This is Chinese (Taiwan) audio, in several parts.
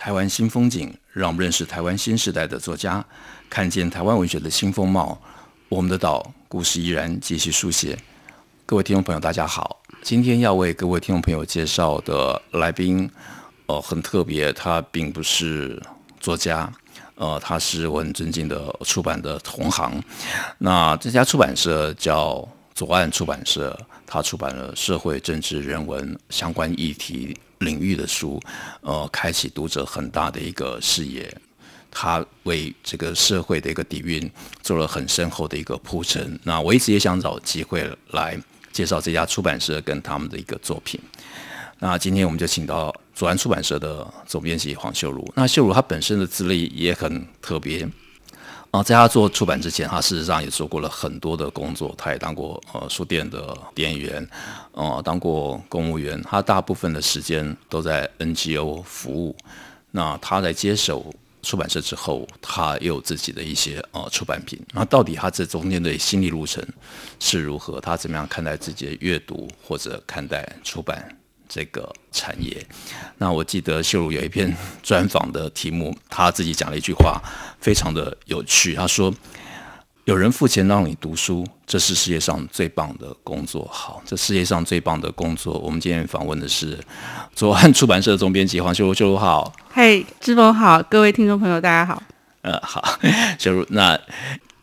台灣新風景，讓我們認識台灣新時代的作家，看見台灣文學的新風貌。我們的島故事依然繼續書寫。各位聽眾朋友，大家好，今天要為各位聽眾朋友介紹的來賓，哦、呃，很特別，他並不是作家，呃，他是我很尊敬的出版的同行。那這家出版社叫左岸出版社，他出版了社會、政治、人文相關議題。領域的書，呃，開啟讀者很大的一個視野，他為這個社會的一個底蘊做了很深厚的一個鋪陳。那我一直也想找機會來介紹這家出版社跟他們的一個作品。那今天我們就請到左岸出版社的總編輯黃秀如。那秀如她本身的資歷也很特別。啊，在他做出版之前，他事實上也做過了很多的工作，他也當過呃書店的店員，呃，當過公務員，他大部分的時間都在 NGO 服務。那他在接手出版社之後，他也有自己的一些呃出版品。那到底他這中間的心理路程是如何？他怎麼樣看待自己的閱讀或者看待出版？這個產業，那我記得秀如有一篇專訪的題目，他自己講了一句話，非常的有趣。他說：“有人付錢讓你讀書，這是世界上最棒的工作。”好，這世界上最棒的工作，我們今天訪問的是左岸出版社總編輯黃秀，秀如。秀如好，嘿，hey, 志峰好，各位聽眾朋友大家好。呃，好，秀如那。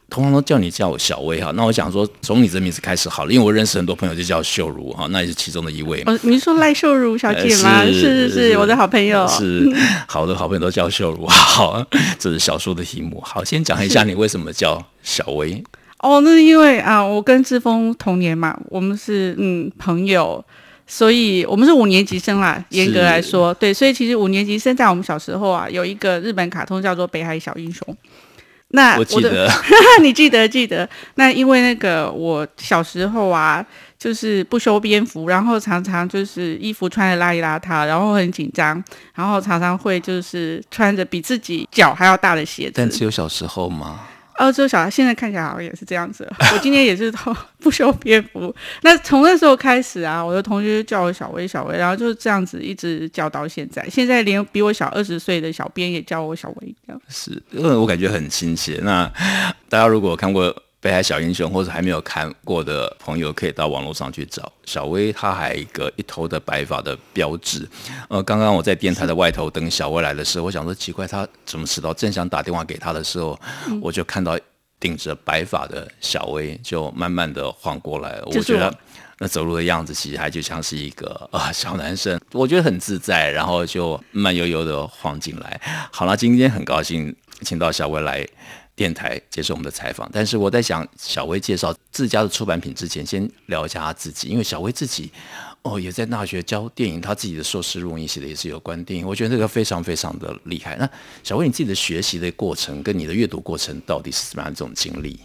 通常都叫你，叫我小薇哈，那我想說，從你這名字開始好了，因為我認識很多朋友就叫秀如哈，那也是其中的一位。哦，你是說賴秀如小姐嗎？是是、呃、是，我的好朋友。是，好多好朋友都叫秀如哈，好 這是小說的題目。好，先講一下你為什麼叫小薇。是哦，那是因為啊、呃，我跟志峰同年嘛，我們是嗯朋友，所以我們是五年級生啦。嚴格來說，是對，所以其實五年級生在我們小時候啊，有一個日本卡通叫做《北海小英雄》。那我記得我就， 你記得記得。那因為那個我小時候啊，就是不修邊幅，然後常常就是衣服穿的邋裡邋遢，然後很緊張，然後常常會就是穿着比自己腳還要大的鞋子。但只有小時候嗎？哦，洲小孩，孩現在看起來好像也是這樣子。 我今天也是都不修邊幅。那從那時候開始啊，我的同學就叫我小薇、小薇，然後就是這樣子一直叫到現在。現在連比我小二十歲的小編也叫我小薇，這樣是，因為我感覺很親切。那大家如果看過。北海小英雄，或者還沒有看過的朋友，可以到網絡上去找小薇。她還有一個一頭的白髮的標誌。呃，剛剛我在電台的外頭等小薇來的時候，我想說奇怪，她怎麼遲到？正想打電話給她的時候，我就看到頂着白髮的小薇就慢慢的晃過來了。我覺得那走路的樣子，其實還就像是一個啊小男生，我覺得很自在，然後就慢悠悠的晃進來。好了，今天很高興請到小薇來電台接受我們的採訪，但是我在想，小薇介紹自家的出版品之前，先聊一下她自己，因為小薇自己哦，也在大學教電影，她自己的碩士論文寫的也是有關電影，我覺得這個非常非常的厲害。那小薇，你自己的學習的過程跟你的閱讀過程到底是怎麼樣一種經歷？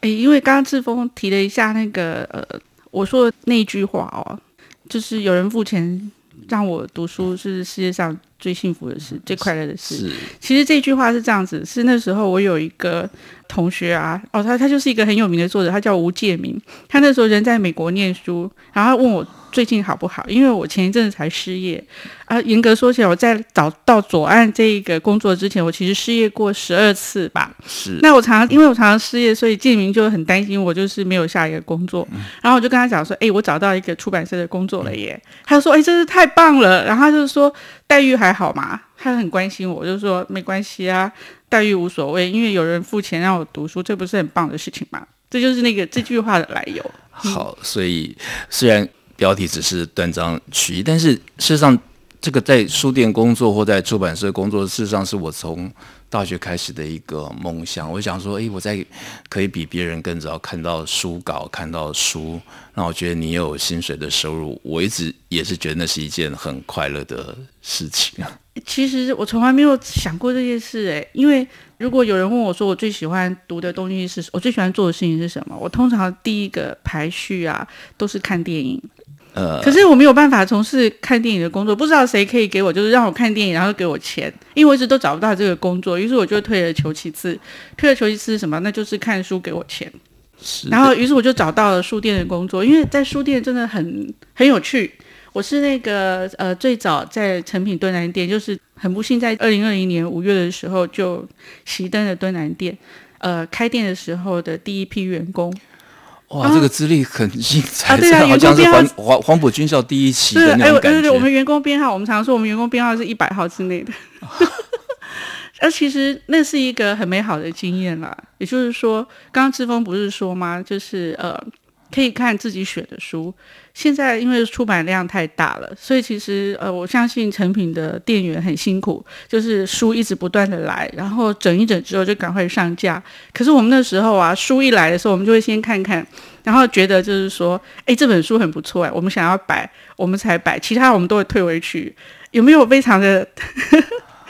誒，因為剛剛志峰提了一下那個呃，我說的那句話哦，就是有人付錢讓我讀書，是世界上。最幸福的事，最快樂的事。其實這句話是這樣子：是那時候我有一個同學啊，哦，他他就是一個很有名的作者，他叫吳建明。他那時候人在美國念書，然後問我最近好不好，因為我前一陣子才失業啊。嚴格說起來，我在找到左岸這一個工作之前，我其實失業過十二次吧。是。那我常常，因為我常常失業，所以建明就很擔心我，就是沒有下一個工作。嗯、然後我就跟他講說：“哎、欸，我找到一個出版社的工作了耶！”嗯、他就說：“哎、欸，真是太棒了！”然後他就說。待遇還好嗎？他很關心我，我就說沒關係啊，待遇無所謂，因為有人付錢讓我讀書，這不是很棒的事情嗎？這就是那個這句話的來由。嗯、好，所以雖然標題只是斷章取義，但是事實上。這個在書店工作或在出版社工作，事實上是我從大學開始的一個夢想。我想說，誒，我在可以比別人更早看到書稿、看到書，那我覺得你有薪水的收入，我一直也是覺得那是一件很快樂的事情。其實我從來沒有想過這件事，欸，誒，因為如果有人問我說我最喜歡讀的東西是什麼，我最喜歡做的事情是什麼，我通常第一個排序啊都是看電影。呃，可是我沒有辦法從事看電影的工作，不知道誰可以給我，就是讓我看電影，然後給我錢，因為我一直都找不到這個工作，於是我就退而求其次，退而求其次是什麼？那就是看書給我錢。是的，然後於是我就找到了書店的工作，因為在書店真的很很有趣。我是那個呃最早在誠品敦南店，就是很不幸在二零二零年五月的時候就熄燈的敦南店，呃，開店的時候的第一批員工。哇，這個資歷很精彩，啊樣啊、對呀、啊，員工編號黃黃，黃埔軍校第一期的那種感覺對。對對對，我們員工編號，我們常，常說我們員工編號是一百號之內的。那、啊、 其實那是一個很美好的經驗啦。也就是說，剛剛志峰不是說嗎？就是呃，可以看自己選的書。現在因為出版量太大了，所以其實呃，我相信誠品的店員很辛苦，就是書一直不斷的來，然後整一整之後就趕快上架。可是我們那時候啊，書一來的時候，我們就會先看看，然後覺得就是說，哎、欸，這本書很不錯哎、欸，我們想要擺，我們才擺，其他我們都會退回去。有沒有非常的？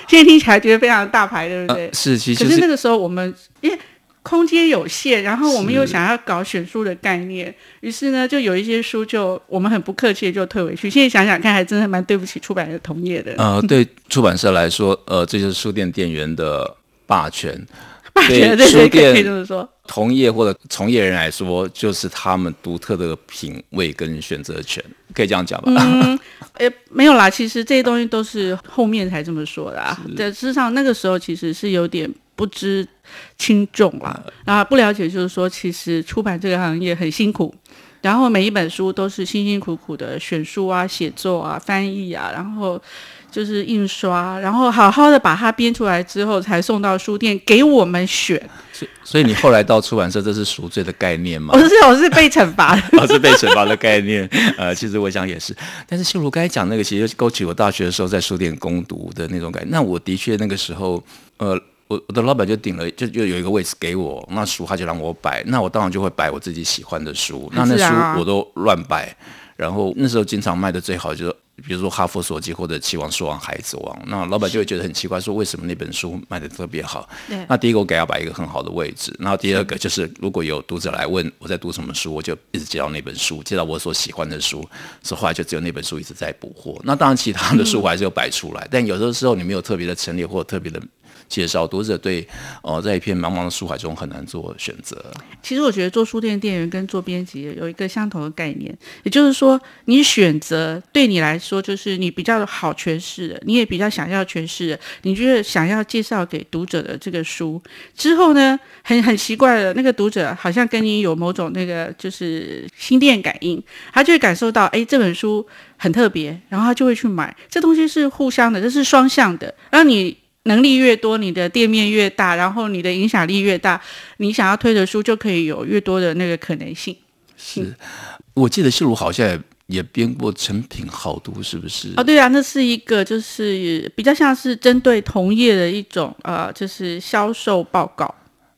現在聽起來覺得非常的大牌，對不對？呃、是，其、就、實、是、可是那個時候我們，因、欸、為。空間有限，然後我們又想要搞選書的概念，是於是呢，就有一些書就我們很不客氣的就退回去。現在想想看，還真的蠻對不起出版的同業的。呃，對出版社來說，呃，這就是書店店員的霸權，霸權對書店就是說，同業或者從業人來說，就是他們獨特的品味跟選擇權，可以這樣講吧？嗯，哎，沒有啦，其實這些東西都是後面才這麼說的。是對，事實上，那個時候其實是有點。不知輕重啊，然後不了解，就是說，其實出版這個行業很辛苦，然後每一本書都是辛辛苦苦的選書啊、寫作啊、翻譯啊，然後就是印刷，然後好好的把它編出來之後，才送到書店給我們選。所以，所以你後來到出版社，這是贖罪的概念嗎？我是 我是被懲罰的。 我是被懲罰的概念。 呃，其實我想也是，但是，秀如剛才講那個，其實勾起我大學的時候在書店攻讀的那種感覺。那我的確那個時候，呃。我我的老闆就頂了，就就有一個位置給我，那書他就讓我擺，那我當然就會擺我自己喜歡的書，啊、那那書我都亂擺。然後那時候經常賣的最好就是，比如說《哈佛瑣記》或者《棋王》《樹王》《孩子王》，那老闆就會覺得很奇怪，說為什麼那本書賣得特別好？是那第一個我給他擺一個很好的位置，對然後第二個就是如果有讀者來問我在讀什麼書，我就一直介紹那本書，介紹我所喜歡的書，所以後來就只有那本書一直在補貨。那當然其他的書我還是要擺出來，嗯、但有的時候你沒有特別的陳列或者特別的。介紹讀者對，哦、呃，在一片茫茫的書海中很難做選擇。其實我覺得做書店店員跟做編輯有一個相同的概念，也就是說，你選擇對你來說就是你比較好詮釋的，你也比較想要詮釋的，你就是想要介紹給讀者的這個書之後呢，很很奇怪的，那個讀者好像跟你有某種那個就是心電感應，他就會感受到哎，這本書很特別，然後他就會去買。這東西是互相的，這是雙向的，讓你。能力越多，你的店面越大，然後你的影響力越大，你想要推的書就可以有越多的那個可能性。性是，我記得秀如好像也編過誠品好讀，是不是？哦，對啊，那是一個就是、呃、比較像是針對同業的一種呃，就是銷售報告。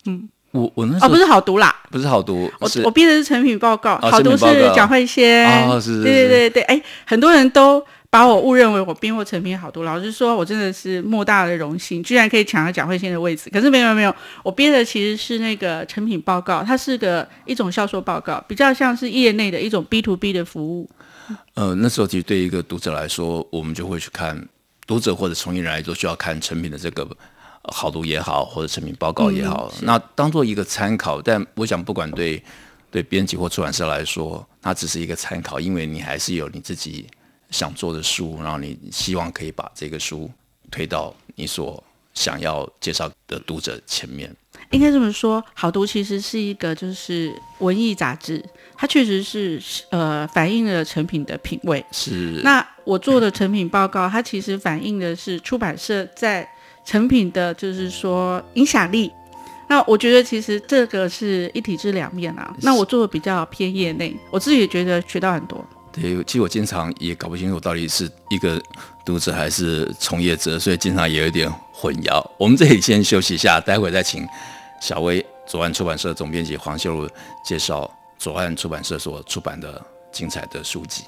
嗯，我我那時候哦不是好讀啦，不是好讀，我我編的是誠品報告，哦、好讀是蔣慧仙啊、哦，是,是,是，對對對對，哎，很多人都。把我誤認為我編過誠品好讀，老實說，我真的是莫大的榮幸，居然可以搶到蔣慧仙的位置。可是沒有沒有，我編的其實是那個誠品報告，它是個一種銷售報告，比較像是業內的一種 B to B 的服務。呃，那時候其實對於一個讀者來說，我們就會去看讀者或者從業人員來說，需要看誠品的這個好讀也好，或者誠品報告也好，嗯、那當做一個參考。但我想，不管對對編輯或出版社來說，那只是一個參考，因為你還是有你自己。想做的書，然後你希望可以把這個書推到你所想要介紹的讀者前面。應該這麼說，好讀其實是一個就是文藝雜誌，它確實是呃反映了誠品的品味。是。那我做的誠品報告，對它其實反映的是出版社在誠品的，就是說影響力。那我覺得其實這個是一體之兩面啊。是那我做的比較偏業內，我自己也覺得學到很多。其實我經常也搞不清楚到底是一個讀者還是從業者，所以經常也有點混淆。我們這裡先休息一下，待會兒再請小薇、左岸出版社總編輯黃秀如介紹左岸出版社所出版的精彩的書籍。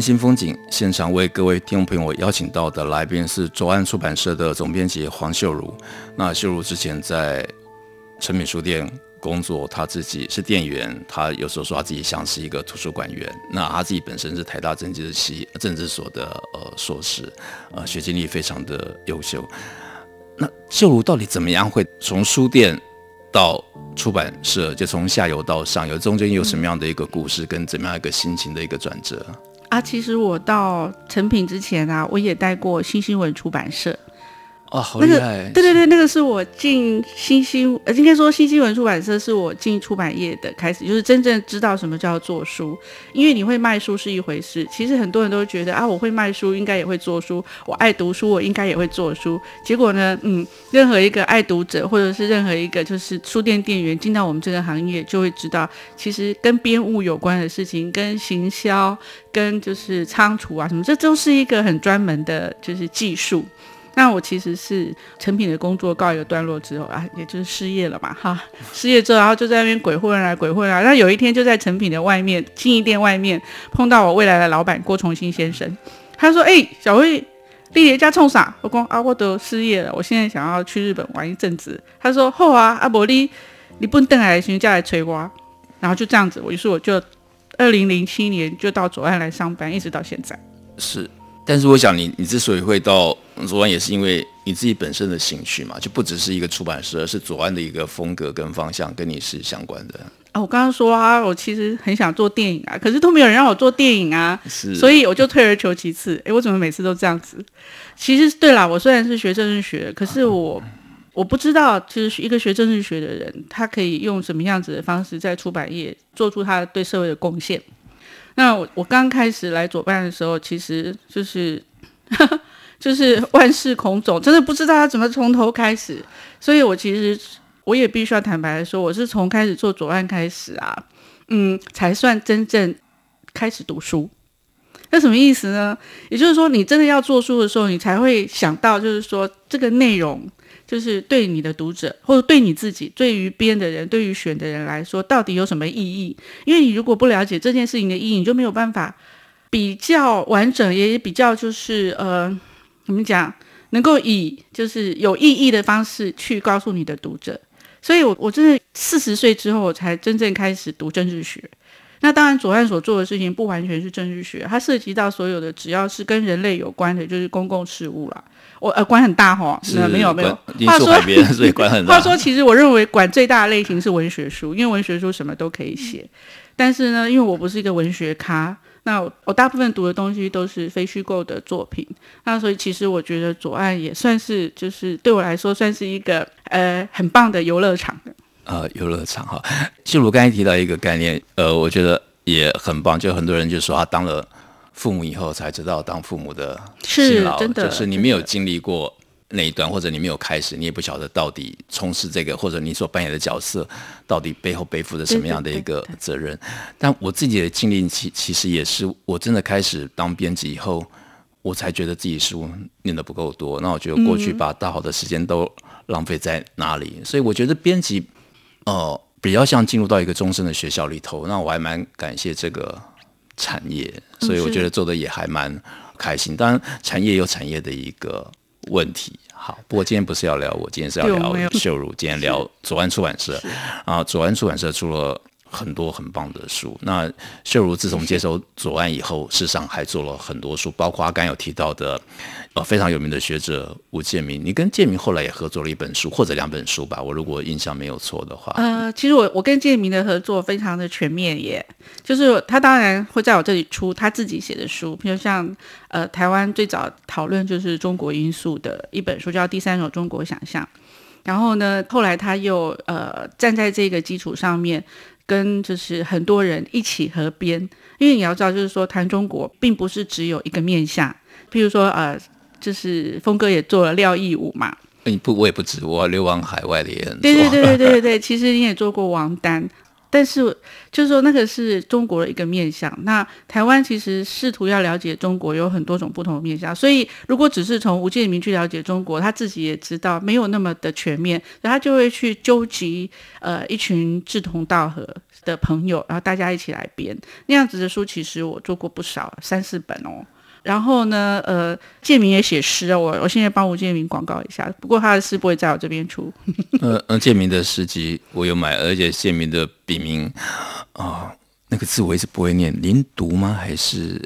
新風景現場為各位聽眾朋友邀請到的來賓是左岸出版社的總編輯黃秀如。那秀如之前在誠品書店工作，他自己是店員，他有時候說他自己像是一個圖書館員。那他自己本身是台大政治系政治所的呃碩士，呃，學經歷非常的優秀。那秀如到底怎麼樣會從書店到出版社，就從下游到上游，中間有什麼樣的一個故事，跟怎麼樣一個心情的一個轉折？啊，其實我到誠品之前啊，我也待過新新聞出版社。啊、哦，好厲害，那個！對對對，那個是我進新新呃，應該說新新聞出版社是我進出版業的開始，就是真正知道什麼叫做書。因為你會賣書是一回事，其實很多人都覺得啊，我會賣書，應該也會做書。我愛讀書，我應該也會做書。結果呢，嗯，任何一個愛讀者，或者是任何一個就是書店店員進到我們這個行業，就會知道，其實跟編務有關的事情，跟行銷，跟就是倉儲啊什麼，這都是一個很專門的，就是技術。那我其實是誠品的工作告一個段落之後啊，也就是失業了嘛，哈，失業之後，然後就在那邊鬼混啊，鬼混啊。那有一天就在誠品的外面，金義店外面碰到我未來的老闆郭重興先生，他說：“哎、欸，小魏，麗爺家沖啥？”我講：“阿、啊、我都失業了，我現在想要去日本玩一陣子。”他說：“好啊，阿、啊、伯你，你不能等來先叫來吹瓜。”然後就這樣子，我就是我就二零零七年就到左岸來上班，一直到現在。是。但是我想你，你你之所以會到左岸，也是因為你自己本身的興趣嘛，就不只是一個出版社，而是左岸的一個風格跟方向跟你是相關的啊。哦，我剛剛說啊，我其實很想做電影啊，可是都沒有人讓我做電影啊，是，所以我就退而求其次。誒，我怎麼每次都這樣子？其實對啦，我雖然是學政治學，可是我我不知道，就是一個學政治學的人，他可以用什麼樣子的方式在出版業做出他對社會的貢獻。那我我剛開始來左岸的時候，其實就是，呵呵就是萬事倥傯，真的不知道要怎麼從頭開始，所以我其實我也必須要坦白的說，我是從開始做左岸開始啊，嗯，才算真正開始讀書。那什麼意思呢？也就是說，你真的要做書的時候，你才會想到，就是說這個內容。就是對你的讀者，或者對你自己，對於編的人，對於選的人來說，到底有什麼意義？因為你如果不了解這件事情的意義，你就沒有辦法比較完整，也比較就是呃，怎麼講，能夠以就是有意義的方式去告訴你的讀者。所以我，我我真的四十歲之後，我才真正開始讀政治學。那當然，左岸所做的事情不完全是政治學，它涉及到所有的只要是跟人類有關的，就是公共事務啦。我呃，管很大吼，沒有是沒有。你坐海邊話說，所以管很大。 話說，其實我認為管最大的類型是文學書，因為文學書什麼都可以寫。嗯、但是呢，因為我不是一個文學咖，那我，我大部分讀的東西都是非虛構的作品。那所以其實我覺得左岸也算是，就是對我來說算是一個呃很棒的遊樂場呃，遊樂場哈，就我剛才提到一個概念，呃，我覺得也很棒。就很多人就說他當了。父母以後才知道當父母的辛勞。是的，就是你沒有經歷過那一段，或者你沒有開始，你也不曉得到底從事這個或者你所扮演的角色到底背後背負着什麼樣的一個責任。對對對對，但我自己的經歷其，其其實也是我真的開始當編輯以後，我才覺得自己書念得不夠多，那我覺得過去把、嗯、大好的時間都浪費在哪裡。所以我覺得編輯，呃，比較像進入到一個終身的學校裡頭。那我還蠻感謝這個。產業，所以我覺得做的也還蠻開心。嗯、當然，產業有產業的一個問題。好，不過今天不是要聊我，今天是要聊秀如。今天聊左岸出版社。是啊，左岸出版社出了很多很棒的書。那秀如自從接手左岸以後，世上還做了很多書，包括阿甘有提到的，呃，非常有名的學者吳介民。你跟介民後來也合作了一本書，或者兩本書吧？我如果印象沒有錯的話。呃，其實我我跟介民的合作非常的全面，耶。就是他當然會在我這裡出他自己寫的書，比如像呃台灣最早討論就是中國因素的一本書，叫《第三種中國想象》。然後呢，後來他又呃站在這個基礎上面。跟就是很多人一起合編，因為你要知道，就是說談中國並不是只有一個面向。譬如說，呃，就是峰哥也做了廖亦武嘛，欸、你不我也不止，我流亡海外的人，對對對對對對， 其實你也做過王丹。但是，就是說，那個是中國的一個面向。那台灣其實試圖要了解中國，有很多種不同的面向。所以，如果只是從吳建民去了解中國，他自己也知道沒有那麼的全面，所以他就會去糾集呃一群志同道合的朋友，然後大家一起來編那樣子的書。其實我做過不少，三四本哦。然後呢，呃，建明也寫詩啊，我我現在幫吳建明廣告一下，不過他的詩不會在我這邊出。 呃，呃建明的詩集我有買，而且建明的筆名啊，哦，那個字我一直不會念，您讀嗎？還是？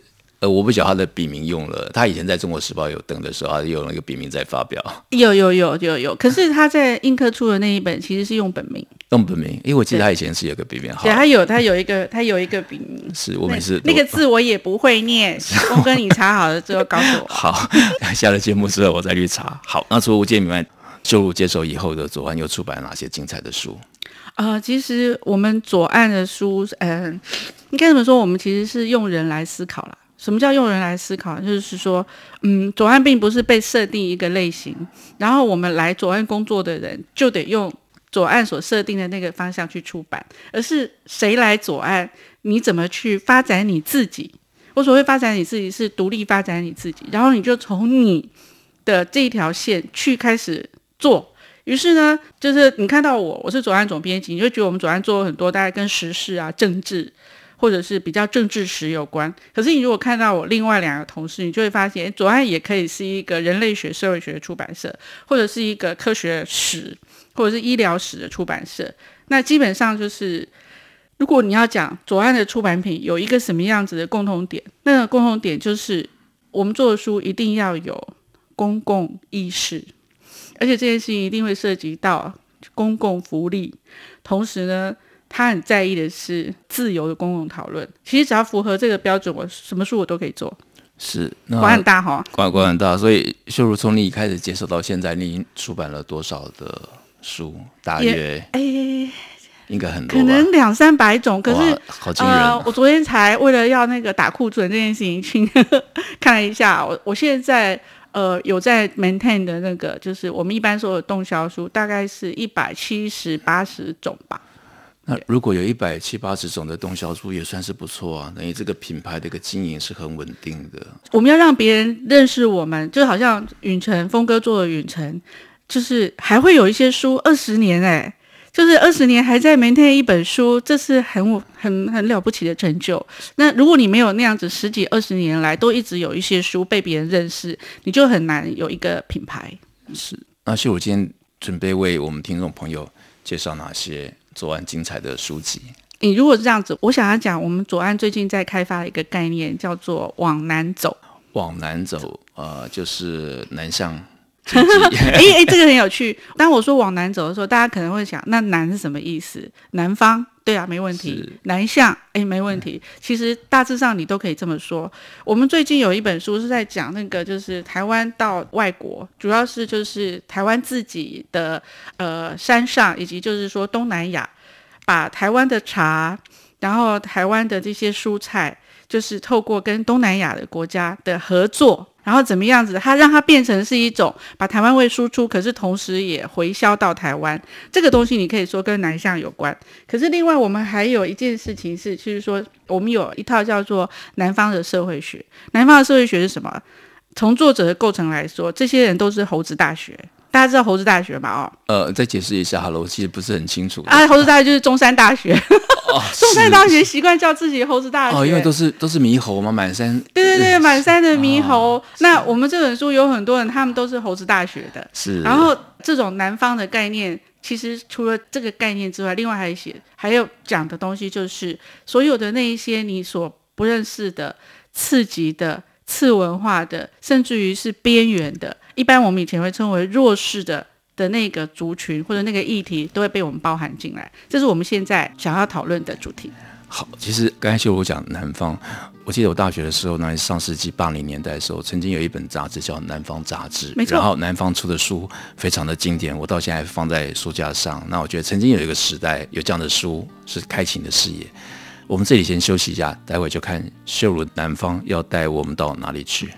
我不曉得他的筆名用了。他以前在中國時報有登的時候，他有了一個筆名在發表。有有有有有，可是他在印刻出的那一本其實是用本名用本名，因為我記得他以前是有一個筆名。對，好對，他有他有一個他有一個筆名。是我每次那，那個字我也不會念，峰哥，我你查好了之後告訴我。 好，下了節目之後我再去查。 好，那除了吳建明外，就接手以後的左岸又出版了哪些精彩的書？啊、呃，其實我們左岸的書，嗯、呃，應該怎麼說？我們其實是用人來思考了。什麼叫用人來思考？就是說，嗯，左岸並不是被設定一個類型，然後我們來左岸工作的人就得用左岸所設定的那個方向去出版，而是誰來左岸，你怎麼去發展你自己？我所謂發展你自己，是獨立發展你自己，然後你就從你的這一條線去開始做。於是呢，就是你看到我，我是左岸總編輯，你就覺得我們左岸做了很多，大概跟時事啊、政治。或者是比較政治史有關，可是你如果看到我另外兩個同事，你就會發現左岸也可以是一個人類學、社會學的出版社，或者是一個科學史，或者是醫療史的出版社。那基本上就是，如果你要講左岸的出版品有一個什麼樣子的共同點，那個共同點就是我們做的書一定要有公共意識，而且這件事情一定會涉及到公共福利，同時呢。他很在意的是自由的公共討論。其實只要符合這個標準，我什麼書我都可以做。是，那管很大哈，管管很大。所以秀如，從你一開始接手到現在，你出版了多少的書？大約哎、欸欸，應該很多，可能兩三百種。可是，好驚人、呃！我昨天才為了要那個打庫存這件事情，去看了一下。我我現在呃有在 maintain 的那個，就是我們一般說的動銷書，大概是一百七十八十種吧。那如果有一百七八十種的動銷書，也算是不錯啊，等於這個品牌的一個經營是很穩定的。對我們要讓別人認識我們，就好像允晨峰哥做的允晨，就是還會有一些書二十年誒、欸,就是二十年還在每天一本書，這是很很很了不起的成就。那如果你沒有那樣子十幾二十年來都一直有一些書被別人認識，你就很難有一個品牌。是。那我今天準備為我們聽眾朋友介紹哪些？左岸精彩的書籍。你，欸、如果是這樣子，我想要講，我們左岸最近在開發一個概念，叫做“往南走”。往南走，呃，就是南向紫紫。哎 哎、 欸欸，這個很有趣。當我說“往南走”的時候，大家可能會想，那“南”是什麼意思？南方？對啊，沒問題。是。南向，誒，沒問題。嗯。其實大致上你都可以這麼說。我們最近有一本書是在講那個，就是台灣到外國，主要是就是台灣自己的呃山上，以及就是說東南亞，把台灣的茶，然後台灣的這些蔬菜，就是透過跟東南亞的國家的合作。然後怎麼樣子？它讓它變成是一種把台灣味輸出，可是同時也回銷到台灣。這個東西你可以說跟南向有關。可是另外我們還有一件事情是，就是說我們有一套叫做南方的社會學。南方的社會學是什麼？從作者的構成來說，這些人都是猴子大學。大家知道猴子大學嗎？哦，呃，再解釋一下好了，我其實不是很清楚。啊，猴子大學就是中山大學。哦、 中山大學習慣叫自己猴子大學。哦，因為都是都是獼猴嘛，滿山。對對對，滿山的獼猴。哦、那我們這本書有很多人，他們都是猴子大學的。是。然後，這種南方的概念，其實除了這個概念之外，另外還寫還要講的東西，就是所有的那一些你所不認識的、次級的、次文化的，甚至於是邊緣的。一般我們以前會稱為弱勢的的那個族群或者那個議題，都會被我們包含進來。這是我們現在想要討論的主題。好，其實剛才秀如講南方，我記得我大學的時候，那上世紀八零年代的時候，曾經有一本雜誌叫《南方雜誌》，沒錯。然後南方出的書非常的經典，我到現在還放在書架上。那我覺得曾經有一個時代有這樣的書是開啟你的視野。我們這裡先休息一下，待會就看秀如南方要帶我們到哪裡去。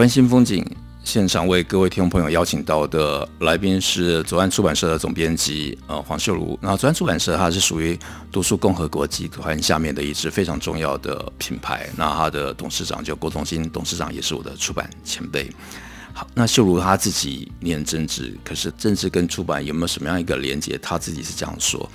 台灣新風景現場，為各位聽眾朋友邀請到的來賓是左岸出版社的總編輯呃黃秀如。那左岸出版社它是屬於讀書共和國集團下面的一支非常重要的品牌，那它的董事長叫郭重興，董事長也是我的出版前輩。好，那秀如他自己念政治，可是政治跟出版有沒有什麼樣一個連接？他自己是這樣說。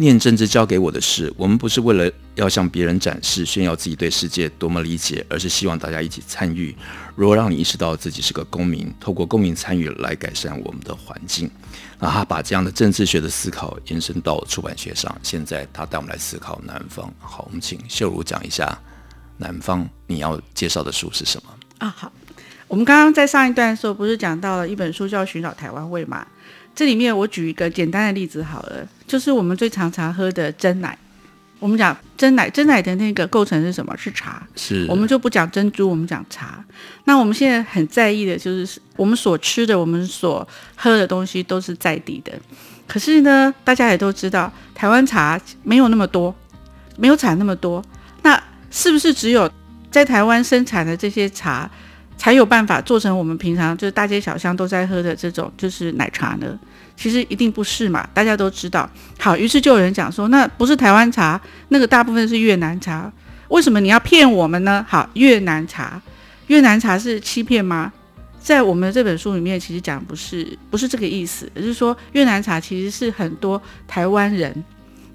念政治教給我的是我們不是為了要向別人展示、炫耀自己對世界多麼理解，而是希望大家一起參與。如果讓你意識到自己是個公民，透過公民參與來改善我們的環境。那他把這樣的政治學的思考延伸到出版學上。現在他帶我們來思考南方。好，我們請秀如講一下南方。你要介紹的書是什麼？啊，好。我們剛剛在上一段的時候不是講到了一本書叫《尋找台灣味》嗎？這裡面我舉一個簡單的例子好了，就是我們最常常喝的珍奶。我們講珍奶，珍奶的那個構成是什麼？是茶。是。我們就不講珍珠，我們講茶。那我們現在很在意的就是我們所吃的、我們所喝的東西都是在地的。可是呢，大家也都知道，台灣茶沒有那麼多，沒有產那麼多。那是不是只有在台灣生產的這些茶？才有辦法做成我們平常就是大街小巷都在喝的這種就是奶茶呢？其實一定不是嘛，大家都知道。好，於是就有人講說，那不是台灣茶，那個大部分是越南茶，為什麼你要騙我們呢？好，越南茶，越南茶是欺騙嗎？在我們這本書裡面，其實講不是不是這個意思，而是說越南茶其實是很多台灣人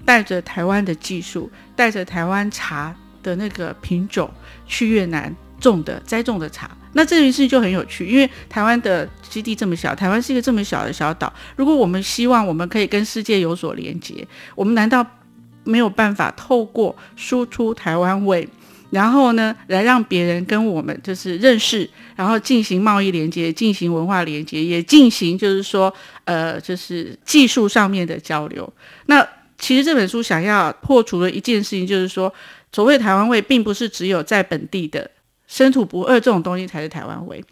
帶着台灣的技術，帶着台灣茶的那個品種去越南種的栽種的茶。那這件事情就很有趣，因為台灣的基地這麼小，台灣是一個這麼小的小島。如果我們希望我們可以跟世界有所連接，我們難道沒有辦法透過輸出台灣味，然後呢，來讓別人跟我們就是認識，然後進行貿易連接，進行文化連接，也進行就是說呃就是技術上面的交流？那其實這本書想要破除的一件事情，就是說所謂的台灣味，並不是只有在本地的。身土不二這種東西才是台灣味。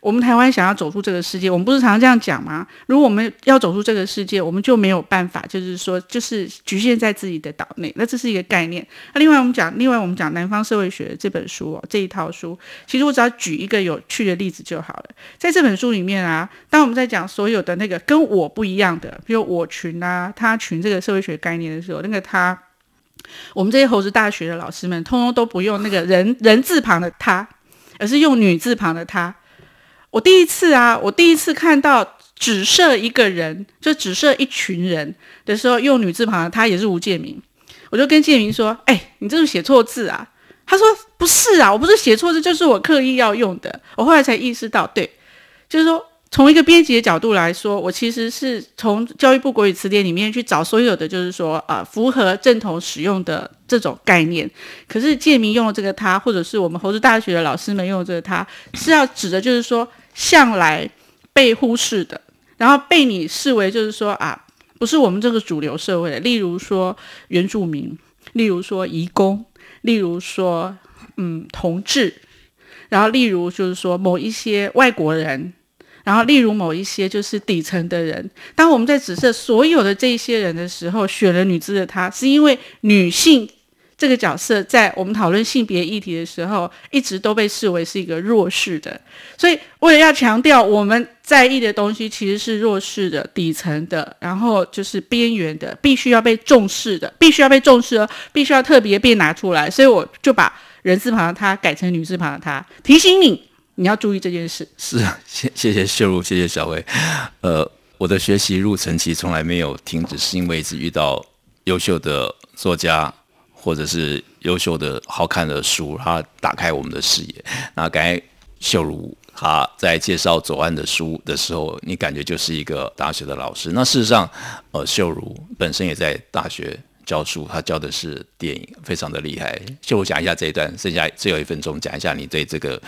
我們台灣想要走出這個世界，我們不是常常這樣講嗎？如果我們要走出這個世界，我們就沒有辦法，就是說，就是局限在自己的島內。那這是一個概念。那另外我們講，另外我們講《南方社會學》這本書哦、喔，這一套書，其實我只要舉一個有趣的例子就好了。在這本書裡面啊，當我們在講所有的那個跟我不一樣的，比如我群啊、他群這個社會學概念的時候，那個他。我們這些猴子大學的老師們，通通都不用那個人人字旁的他，而是用女字旁的她。我第一次啊，我第一次看到指涉一個人，就指涉一群人的時候，用女字旁的她也是吳介民。我就跟介民說：“哎、欸，你這是寫錯字啊？”他說：“不是啊，我不是寫錯字，就是我刻意要用的。”我後來才意識到，對，就是說。從一個編輯的角度來說，我其實是從教育部國語詞典裡面去找所有的，就是說，呃，符合正統使用的這種概念。可是介民用的這個“他”，或者是我們猴子大學的老師們用這個“他”，是要指的，就是說，向來被忽視的，然後被你視為，就是說，啊，不是我們這個主流社會的，例如說，原住民，例如說，移工，例如說，嗯，同志，然後例如就是說，某一些外國人。然後，例如某一些就是底層的人。當我們在指涉所有的這一些人的時候，選了女字的她，是因為女性這個角色在我們討論性別議題的時候，一直都被視為是一個弱勢的。所以，為了要強調我們在意的東西其實是弱勢的、底層的，然後就是邊緣的，必須要被重視的，必須要被重視哦，必須要特別被拿出來。所以，我就把人字旁的他改成女字旁的她，提醒你。你要注意這件事。是啊，謝謝謝秀如，謝謝小薇。呃，我的學習入成期從來沒有停止，哦、只是因為一直遇到優秀的作家，或者是優秀的、好看的書，他打開我們的視野。那剛才秀如他在介紹左岸的書的時候，你感覺就是一個大學的老師。那事實上，呃，秀如本身也在大學教書，他教的是電影，非常的厲害。嗯、秀如講一下這一段，剩下最後一分鐘講一下你對這個。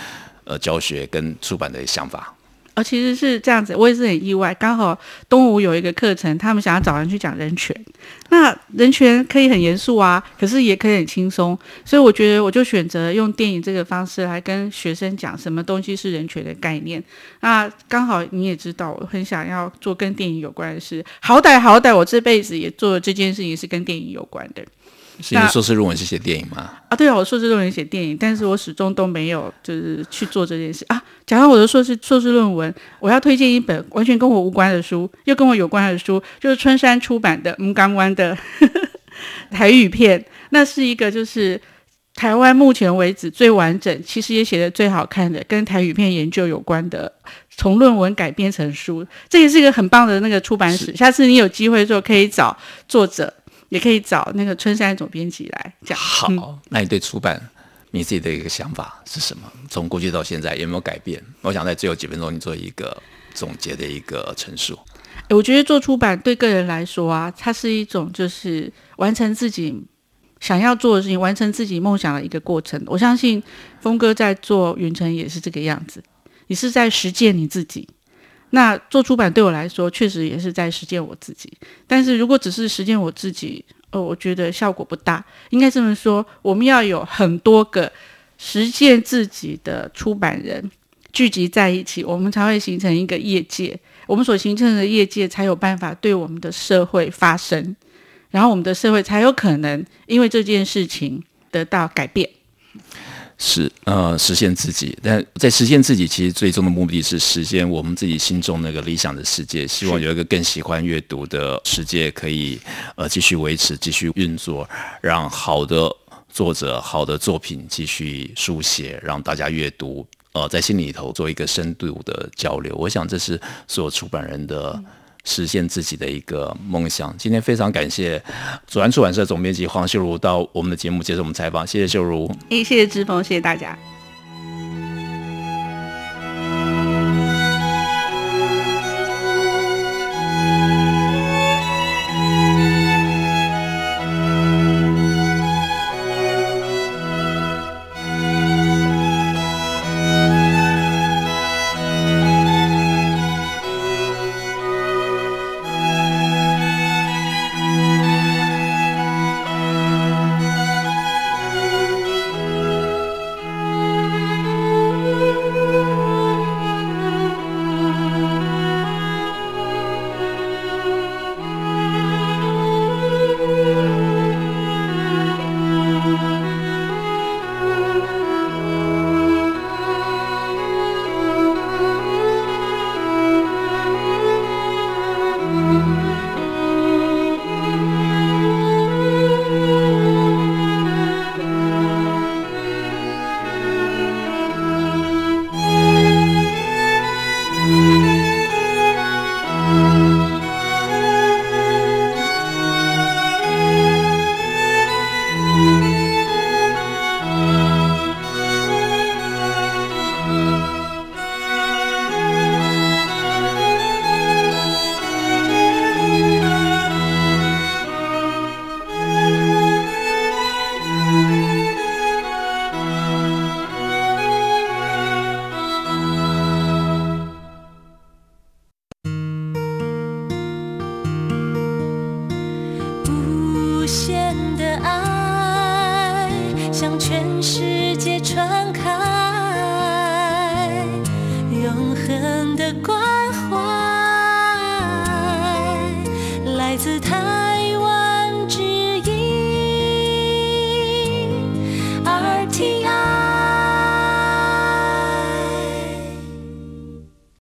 呃，教學跟出版的想法，而、哦、其實是這樣子，我也是很意外。剛好東吳有一個課程，他們想要找人去講人權。那人權可以很嚴肅啊，可是也可以很輕鬆。所以我覺得我就選擇用電影這個方式來跟學生講什麼東西是人權的概念。那剛好你也知道，我很想要做跟電影有關的事。好歹好歹，我這輩子也做了這件事情是跟電影有關的。是，你碩士論文是寫電影嗎？啊，對啊，我碩士論文寫電影，但是我始終都沒有就是去做這件事啊。講到我的碩士碩士論文，我要推薦一本完全跟我無關的書，又跟我有關的書，就是春山出版的《毋、嗯、甘願的呵呵台語片》，那是一個就是台灣目前為止最完整，其實也寫的最好看的，跟台語片研究有關的，從論文改編成書，這也是一個很棒的那個出版史。是下次你有機會的時候可以找作者。也可以找那個春山總編輯來講。好，那你對出版你自己的一個想法是什麼？從過去到現在有沒有改變？我想在最後幾分鐘你做一個總結的一個陳述。欸，我覺得做出版對個人來說啊，它是一種就是完成自己想要做的事情，完成自己夢想的一個過程。我相信峰哥在做允晨也是這個樣子，你是在實踐你自己。那做出版對我來說，確實也是在實踐我自己。但是如果只是實踐我自己，呃、哦，我覺得效果不大。應該這麼說，我們要有很多個實踐自己的出版人聚集在一起，我們才會形成一個業界。我們所形成的業界，才有辦法對我們的社會發聲，然後我們的社會才有可能因為這件事情得到改變。是，呃，實現自己，但在實現自己，其實最終的目的是實現我們自己心中那個理想的世界。希望有一個更喜歡閱讀的世界，可以是呃繼續維持、繼續運作，讓好的作者、好的作品繼續書寫，讓大家閱讀，呃，在心裡頭做一個深度的交流。我想，這是所有出版人的、嗯。實現自己的一個夢想。今天非常感謝，左岸出版社總編輯黃秀如到我們的節目接受我們採訪。謝謝秀如，哎，謝謝志峰，謝謝大家。